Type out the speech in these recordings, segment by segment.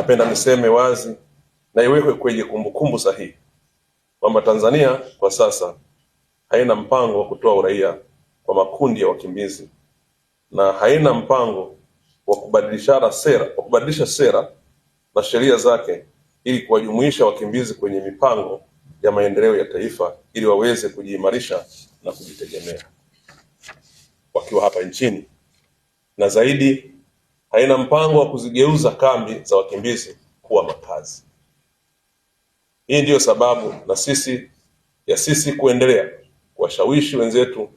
Napenda niseme wazi na iwekwe kwenye kumbukumbu sahihi kwamba Tanzania kwa sasa haina mpango wa kutoa uraia kwa makundi ya wakimbizi na haina mpango wa kubadilishana sera, wa kubadilisha sera na sheria zake ili kuwajumuisha wakimbizi kwenye mipango ya maendeleo ya taifa ili waweze kujiimarisha na kujitegemea wakiwa hapa nchini na zaidi haina mpango wa kuzigeuza kambi za wakimbizi kuwa makazi. Hii ndiyo sababu na sisi ya sisi kuendelea kuwashawishi wenzetu,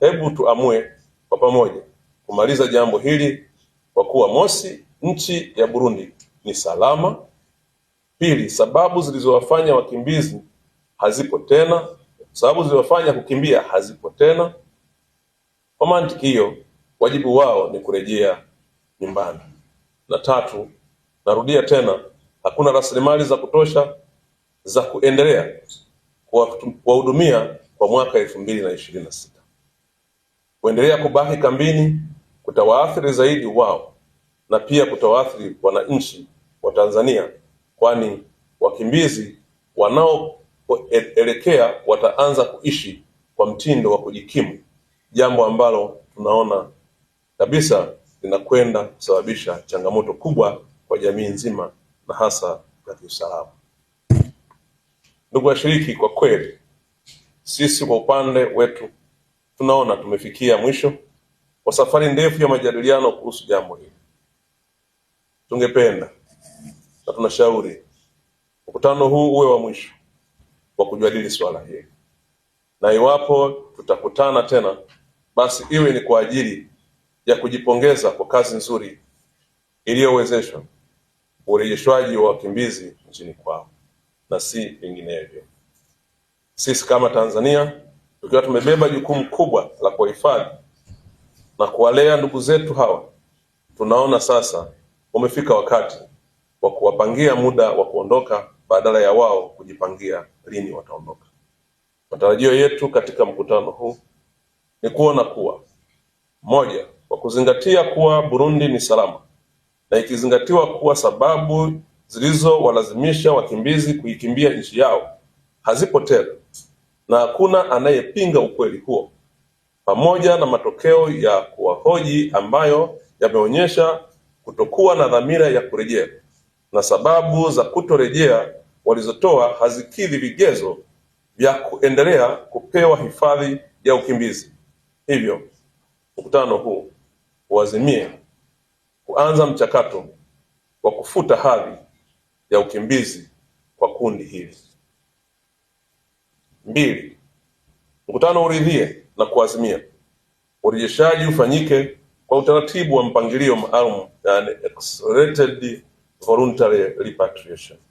hebu tuamue kwa pamoja kumaliza jambo hili, kwa kuwa mosi, nchi ya Burundi ni salama; pili, sababu zilizowafanya wakimbizi hazipo tena, sababu zilizowafanya kukimbia hazipo tena. Kwa mantiki hiyo, wajibu wao ni kurejea nyumbani. Na tatu, narudia tena, hakuna rasilimali za kutosha za kuendelea kuwahudumia kwa mwaka elfu mbili na ishirini na sita. Kuendelea kubaki kambini kutawaathiri zaidi wao na pia kutawaathiri wananchi wa Tanzania, kwani wakimbizi wanaoelekea wataanza kuishi kwa mtindo wa kujikimu, jambo ambalo tunaona kabisa linakwenda kusababisha changamoto kubwa kwa jamii nzima na hasa za kiusalama. Ndugu washiriki, kwa kweli sisi kwa upande wetu tunaona tumefikia mwisho wa safari ndefu ya majadiliano kuhusu jambo hili. Tungependa na tunashauri mkutano huu uwe wa mwisho wa kujadili swala hili, na iwapo tutakutana tena, basi iwe ni kwa ajili ya kujipongeza kwa kazi nzuri iliyowezeshwa urejeshwaji wa wakimbizi nchini kwao na si vinginevyo. Sisi kama Tanzania tukiwa tumebeba jukumu kubwa la kuwahifadhi na kuwalea ndugu zetu hawa, tunaona sasa umefika wakati wa kuwapangia muda wa kuondoka badala ya wao kujipangia lini wataondoka. Matarajio yetu katika mkutano huu ni kuona kuwa moja kwa kuzingatia kuwa Burundi ni salama na ikizingatiwa kuwa sababu zilizowalazimisha wakimbizi kuikimbia nchi yao hazipo tena na hakuna anayepinga ukweli huo, pamoja na matokeo ya kuwahoji ambayo yameonyesha kutokuwa na dhamira ya kurejea na sababu za kutorejea walizotoa hazikidhi vigezo vya kuendelea kupewa hifadhi ya ukimbizi. Hivyo mkutano huu uazimie kuanza mchakato wa kufuta hadhi ya ukimbizi kwa kundi hili. Mbili, mkutano uridhie na kuazimia urejeshaji ufanyike kwa utaratibu wa mpangilio maalum, yani accelerated voluntary repatriation.